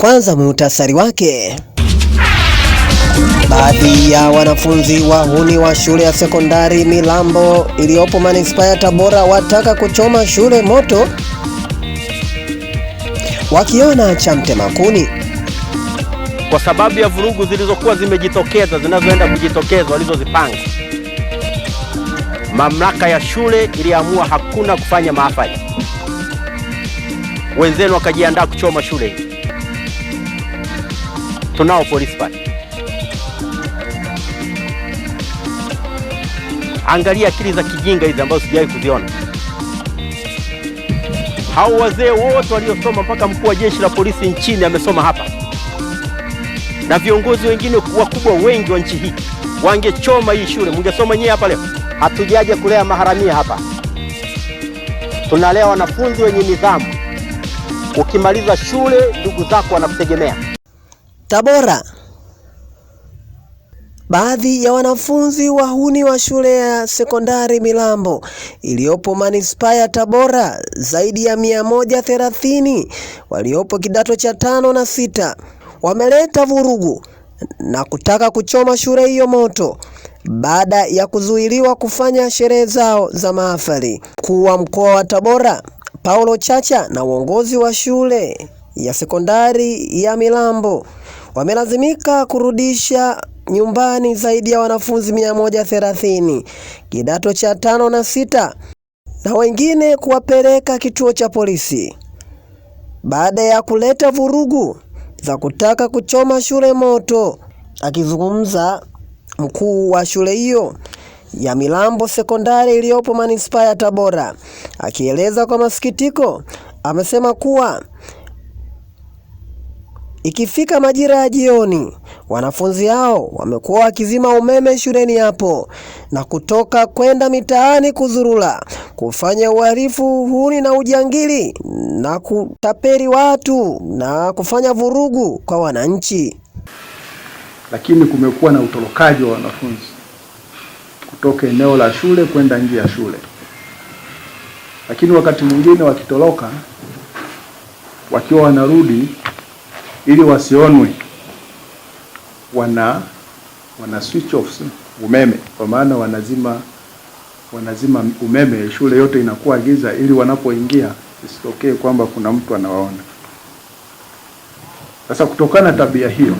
Kwanza muhtasari wake. Baadhi ya wanafunzi wahuni wa shule ya sekondari Milambo iliyopo manispaa ya Tabora wataka kuchoma shule moto wakiona cha mtema kuni kwa sababu ya vurugu zilizokuwa zimejitokeza zinazoenda kujitokeza walizozipanga. Mamlaka ya shule iliamua hakuna kufanya maafali, wenzenu wakajiandaa kuchoma shule hii tunao polisi pale. Angalia akili za kijinga hizi ambazo sijawahi kuziona. Hao wazee wote waliosoma, mpaka mkuu wa jeshi la polisi nchini amesoma hapa, na viongozi wengine wakubwa wengi wa nchi hii. Wangechoma hii shule, mngesoma nyie hapa leo. Hatujaje kulea maharamia hapa, tunalea wanafunzi wenye nidhamu. Ukimaliza shule, ndugu zako wanakutegemea. Tabora. Baadhi ya wanafunzi wahuni wa shule ya sekondari Milambo iliyopo manispaa ya Tabora zaidi ya mia moja thelathini waliopo kidato cha tano na sita wameleta vurugu na kutaka kuchoma shule hiyo moto baada ya kuzuiliwa kufanya sherehe zao za mahafali. Mkuu wa mkoa wa Tabora Paulo Chacha na uongozi wa shule ya sekondari ya Milambo wamelazimika kurudisha nyumbani zaidi ya wanafunzi 130 kidato cha tano na sita na wengine kuwapeleka kituo cha polisi baada ya kuleta vurugu za kutaka kuchoma shule moto. Akizungumza mkuu wa shule hiyo ya Milambo Sekondari iliyopo manispaa ya Tabora, akieleza kwa masikitiko, amesema kuwa Ikifika majira ya jioni, wanafunzi hao wamekuwa wakizima umeme shuleni hapo na kutoka kwenda mitaani kuzurula, kufanya uhalifu, huni na ujangili na kutapeli watu na kufanya vurugu kwa wananchi. Lakini kumekuwa na utorokaji wa wanafunzi kutoka eneo la shule kwenda nje ya shule, lakini wakati mwingine wakitoroka wakiwa wanarudi ili wasionwe wana wana switch off umeme, kwa maana wanazima wanazima umeme, shule yote inakuwa giza, ili wanapoingia isitokee kwamba kuna mtu anawaona. Sasa kutokana na tabia hiyo,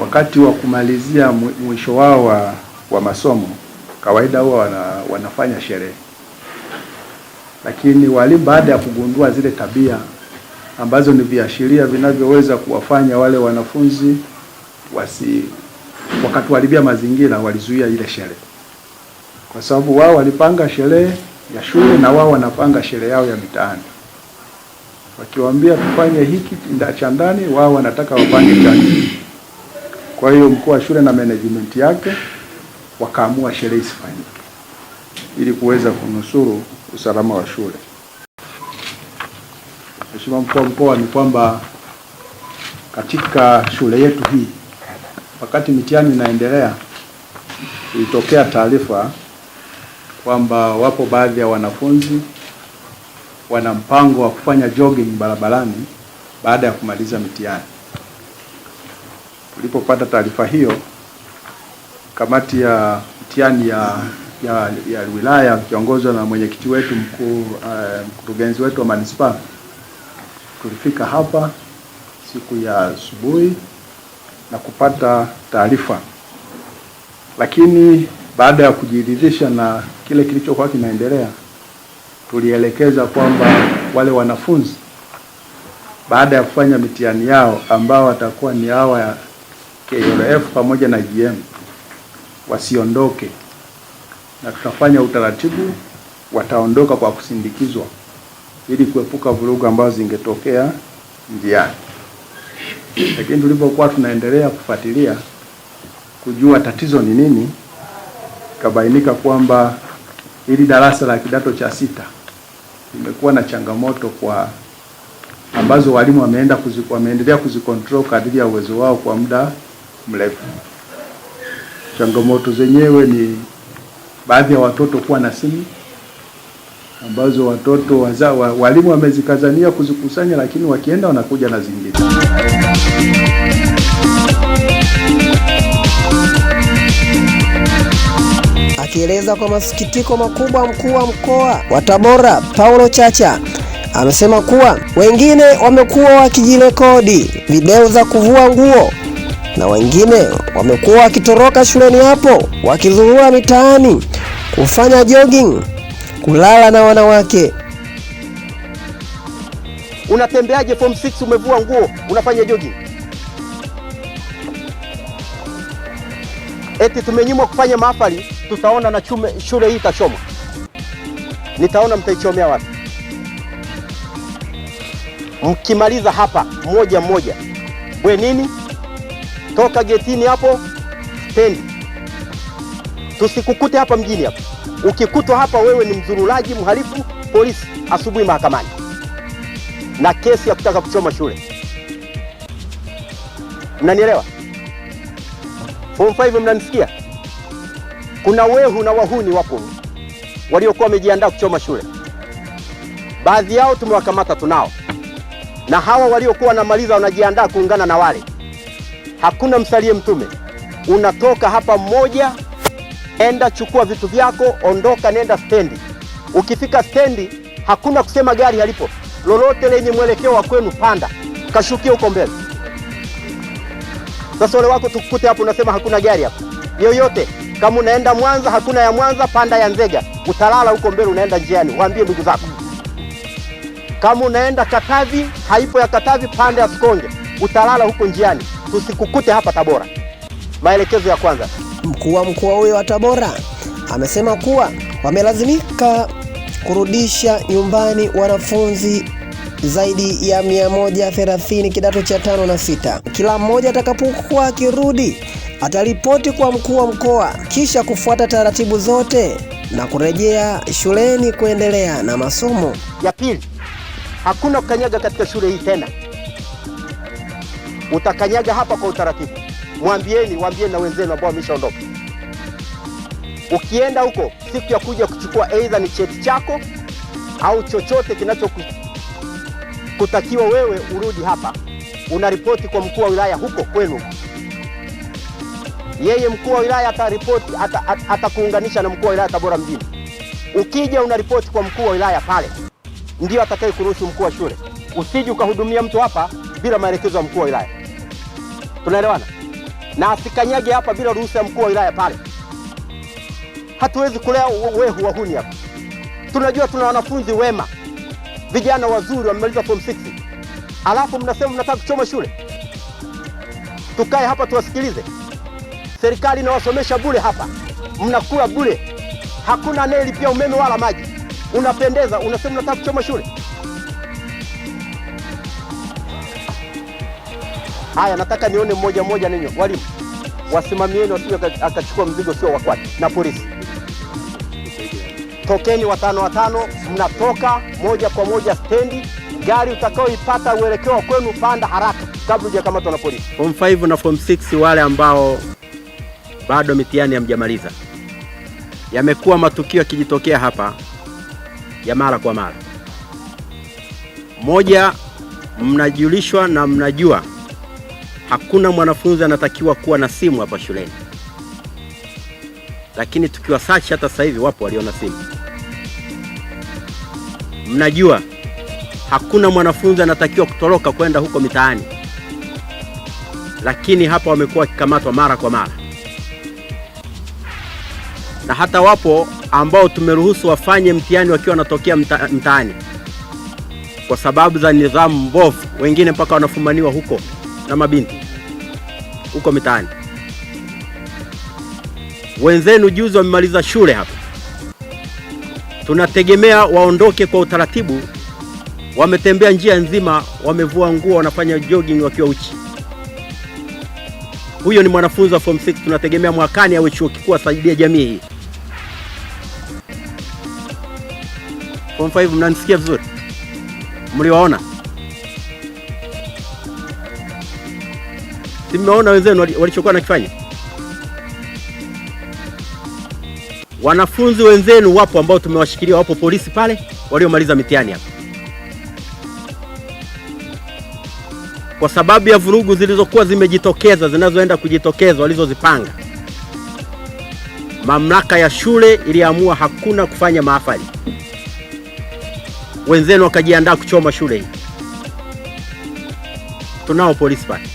wakati wa kumalizia mwisho wao wa, wa masomo kawaida huwa wana, wanafanya sherehe, lakini walimu baada ya kugundua zile tabia ambazo ni viashiria vinavyoweza kuwafanya wale wanafunzi wasi wakatuharibia mazingira, walizuia ile sherehe, kwa sababu wao walipanga sherehe ya shule na wao wanapanga sherehe yao ya mitaani. Wakiwaambia tufanye hiki cha ndani, wao wanataka wapange cha nje. Kwa hiyo mkuu wa shule na management yake wakaamua sherehe isifanyike ili kuweza kunusuru usalama wa shule. Mheshimiwa mkuu wa mkoa ni kwamba katika shule yetu hii wakati mitihani inaendelea, ilitokea taarifa kwamba wapo baadhi ya wanafunzi wana mpango wa kufanya jogging barabarani baada ya kumaliza mitihani. Tulipopata taarifa hiyo, kamati ya mtihani ya ya, ya wilaya ikiongozwa na mwenyekiti wetu mkuu uh, mkurugenzi wetu wa manispaa Tulifika hapa siku ya asubuhi na kupata taarifa, lakini baada ya kujiridhisha na kile kilichokuwa kinaendelea, tulielekeza kwamba wale wanafunzi baada ya kufanya mitihani yao ambao watakuwa ni hawa ya KRF pamoja na GM wasiondoke, na tutafanya utaratibu, wataondoka kwa kusindikizwa ili kuepuka vurugu ambazo zingetokea njiani. Lakini tulipokuwa tunaendelea kufuatilia kujua tatizo ni nini, ikabainika kwamba ili darasa la kidato cha sita limekuwa na changamoto kwa ambazo walimu wameenda kuziku, wameendelea kuzikontrol kadiri ya uwezo wao kwa muda mrefu. Changamoto zenyewe ni baadhi ya watoto kuwa na simu ambazo watoto wazao wa, walimu wamezikazania kuzikusanya, lakini wakienda wanakuja na zingine. Akieleza kwa masikitiko makubwa, mkuu wa mkoa wa Tabora Paulo Chacha amesema kuwa wengine wamekuwa wakijirekodi video za kuvua nguo na wengine wamekuwa wakitoroka shuleni hapo wakizurura mitaani kufanya jogging kulala na wanawake. Unatembeaje form 6 umevua nguo, unafanya jogi Eti tumenyimwa kufanya mahafali, tutaona na chume, shule hii itachoma. Nitaona mtaichomea wapi? Mkimaliza hapa mmoja mmoja, nini toka getini hapo stendi, tusikukute hapa mjini hapa. Ukikutwa hapa wewe ni mzurulaji, mhalifu, polisi, asubuhi mahakamani na kesi ya kutaka kuchoma shule. Mnanielewa? Form 5 mnanisikia? Kuna wehu na wahuni wapo waliokuwa wamejiandaa kuchoma shule, baadhi yao tumewakamata, tunao na hawa waliokuwa wanamaliza wanajiandaa kuungana na wale. Hakuna msalie mtume, unatoka hapa mmoja enda chukua vitu vyako, ondoka, nenda stendi. Ukifika stendi, hakuna kusema gari halipo. Lolote lenye mwelekeo wa kwenu, panda kashukia huko mbele. Sasa wale wako tukukute hapo, unasema hakuna gari hapo yoyote. Kama unaenda Mwanza, hakuna ya Mwanza, panda ya Nzega, utalala huko mbele, unaenda njiani, waambie ndugu zako. Kama unaenda Katavi, haipo ya Katavi, panda ya Sikonge, utalala huko njiani, tusikukute hapa Tabora. Maelekezo ya kwanza. Mkuu wa mkoa huyo wa Tabora amesema kuwa wamelazimika kurudisha nyumbani wanafunzi zaidi ya 130 kidato cha tano na sita. Kila mmoja atakapokuwa akirudi ataripoti kwa mkuu wa mkoa kisha kufuata taratibu zote na kurejea shuleni kuendelea na masomo. Ya pili, hakuna kukanyaga katika shule hii tena, utakanyaga hapa kwa utaratibu. Mwambieni, waambieni na wenzenu ambao wameshaondoka. Ukienda huko siku ya kuja kuchukua aidha ni cheti chako au chochote kinachokutakiwa wewe urudi hapa, unaripoti kwa mkuu wa wilaya huko kwenu. Yeye mkuu wa wilaya ataripoti, atakuunganisha na mkuu wa wilaya Tabora mjini. Ukija unaripoti kwa mkuu wa wilaya pale, ndio atakaye kuruhusu mkuu wa shule. Usije ukahudumia mtu hapa bila maelekezo ya mkuu wa wilaya. Tunaelewana? na asikanyage hapa bila ruhusa ya mkuu wa wilaya pale. Hatuwezi kulea wehu wahuni hapa. Tunajua tuna wanafunzi wema, vijana wazuri, wamemaliza form 6 alafu mnasema mnataka kuchoma shule. Tukae hapa tuwasikilize? Serikali inawasomesha bure hapa, mnakula bure, hakuna anayelipia umeme wala maji. Unapendeza, unasema unataka kuchoma shule. Haya, nataka nione mmoja mmoja ninyo, walimu wasimamieni, wasije akachukua mzigo sio wa kwake. Na polisi, tokeni watano watano, mnatoka moja kwa moja stendi. Gari utakaoipata uelekeo wa kwenu, panda haraka kabla hujakamatwa na polisi. Form 5 na form 6, wale ambao bado mitihani hamjamaliza, yamekuwa matukio yakijitokea hapa ya mara kwa mara. Moja, mnajulishwa na mnajua hakuna mwanafunzi anatakiwa kuwa na simu hapa shuleni, lakini tukiwa sachi, hata sasa hivi wapo walio na simu. Mnajua hakuna mwanafunzi anatakiwa kutoroka kwenda huko mitaani, lakini hapa wamekuwa wakikamatwa mara kwa mara, na hata wapo ambao tumeruhusu wafanye mtihani wakiwa wanatokea mta, mtaani kwa sababu za nidhamu mbovu, wengine mpaka wanafumaniwa huko na mabinti huko mitaani. Wenzenu juzi wamemaliza shule hapa, tunategemea waondoke kwa utaratibu. Wametembea njia nzima, wamevua nguo, wanafanya jogging wakiwa uchi. Huyo ni mwanafunzi wa form 6, tunategemea mwakani awe chuo kikuu asaidie jamii hii. Form 5, mnanisikia vizuri? Mliwaona? Simeona wenzenu walichokuwa nakifanya. Wanafunzi wenzenu wapo ambao tumewashikilia, wapo polisi pale waliomaliza mitihani hapa, kwa sababu ya vurugu zilizokuwa zimejitokeza, zinazoenda kujitokeza, walizozipanga. Mamlaka ya shule iliamua hakuna kufanya mahafali, wenzenu wakajiandaa kuchoma shule hii. Tunao polisi pale.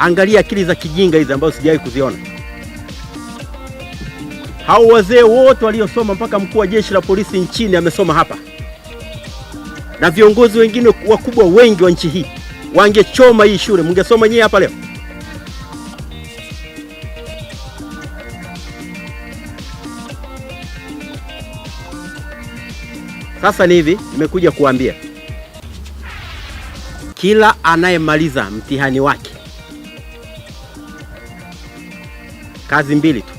Angalia akili za kijinga hizi ambazo sijawahi kuziona. Hao wazee wote waliosoma, mpaka mkuu wa jeshi la polisi nchini amesoma hapa, na viongozi wengine wakubwa wengi wa nchi hii. Wangechoma hii shule, mngesoma nyie hapa leo? Sasa ni hivi, nimekuja kuambia kila anayemaliza mtihani wake kazi mbili tu.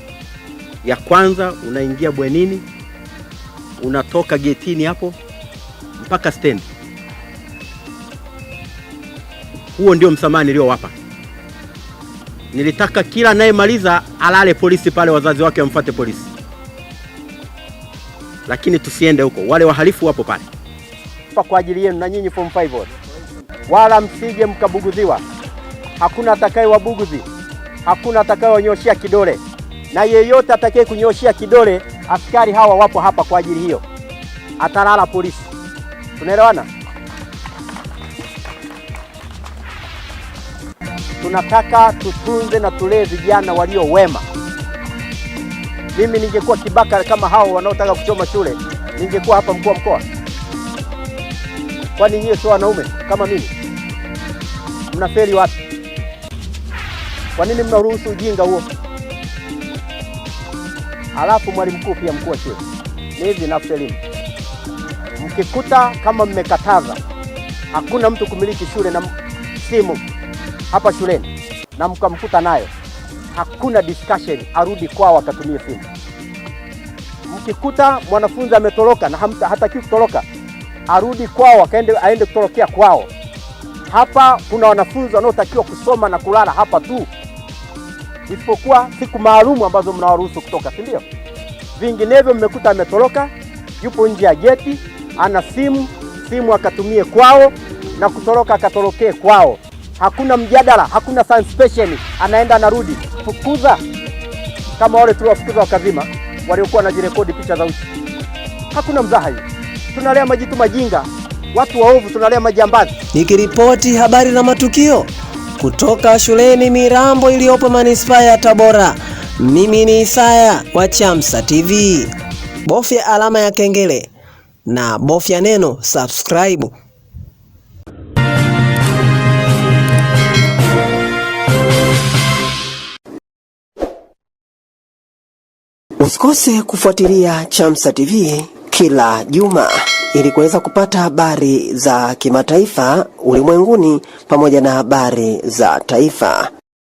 Ya kwanza unaingia bwenini, unatoka getini hapo mpaka stendi. Huo ndio msamaha niliowapa. Nilitaka kila anayemaliza alale polisi pale, wazazi wake wamfuate polisi, lakini tusiende huko. Wale wahalifu wapo pale kwa ajili yenu, na nyinyi form 5 wote, wala msije mkabuguziwa. Hakuna atakaye wabuguzi hakuna atakayonyoshia kidole, na yeyote atakaye kunyoshia kidole, askari hawa wapo hapa kwa ajili hiyo, atalala polisi. Tunaelewana? Tunataka tutunze na tulee vijana walio wema. Mimi ningekuwa kibaka kama hao wanaotaka kuchoma shule, ningekuwa hapa mkuu wa mkoa? Kwani nyie sio wanaume kama mimi? Mnafeli wapi? Kwa nini mnaruhusu ujinga huo? Alafu mwalimu mkuu pia mkuu wa shule, ni hivi nafsi elimu, mkikuta kama mmekataza hakuna mtu kumiliki shule na simu hapa shuleni na mkamkuta nayo, hakuna discussion, arudi kwao akatumie simu. Mkikuta mwanafunzi ametoroka na hataki kutoroka, arudi kwao akaende, aende kutorokea kwao. Hapa kuna wanafunzi wanaotakiwa kusoma na kulala hapa tu isipokuwa siku maalumu ambazo mnawaruhusu kutoka, si ndio? Vinginevyo mmekuta ametoroka, yupo nje ya geti, ana simu, simu akatumie kwao na kutoroka akatorokee kwao. Hakuna mjadala, hakuna suspension, anaenda anarudi. Fukuza kama wale wafukuza wakazima waliokuwa wanajirekodi picha za uchi. Hakuna mzaha hiyo, tunalea majitu majinga, watu waovu, tunalea majambazi. Nikiripoti habari na matukio kutoka shuleni Mirambo iliyopo manispaa ya Tabora. Mimi ni Isaya wa Chamsa TV. Bofya alama ya kengele na bofya neno subscribe. Usikose kufuatilia Chamsa TV kila juma ili kuweza kupata habari za kimataifa, ulimwenguni pamoja na habari za taifa.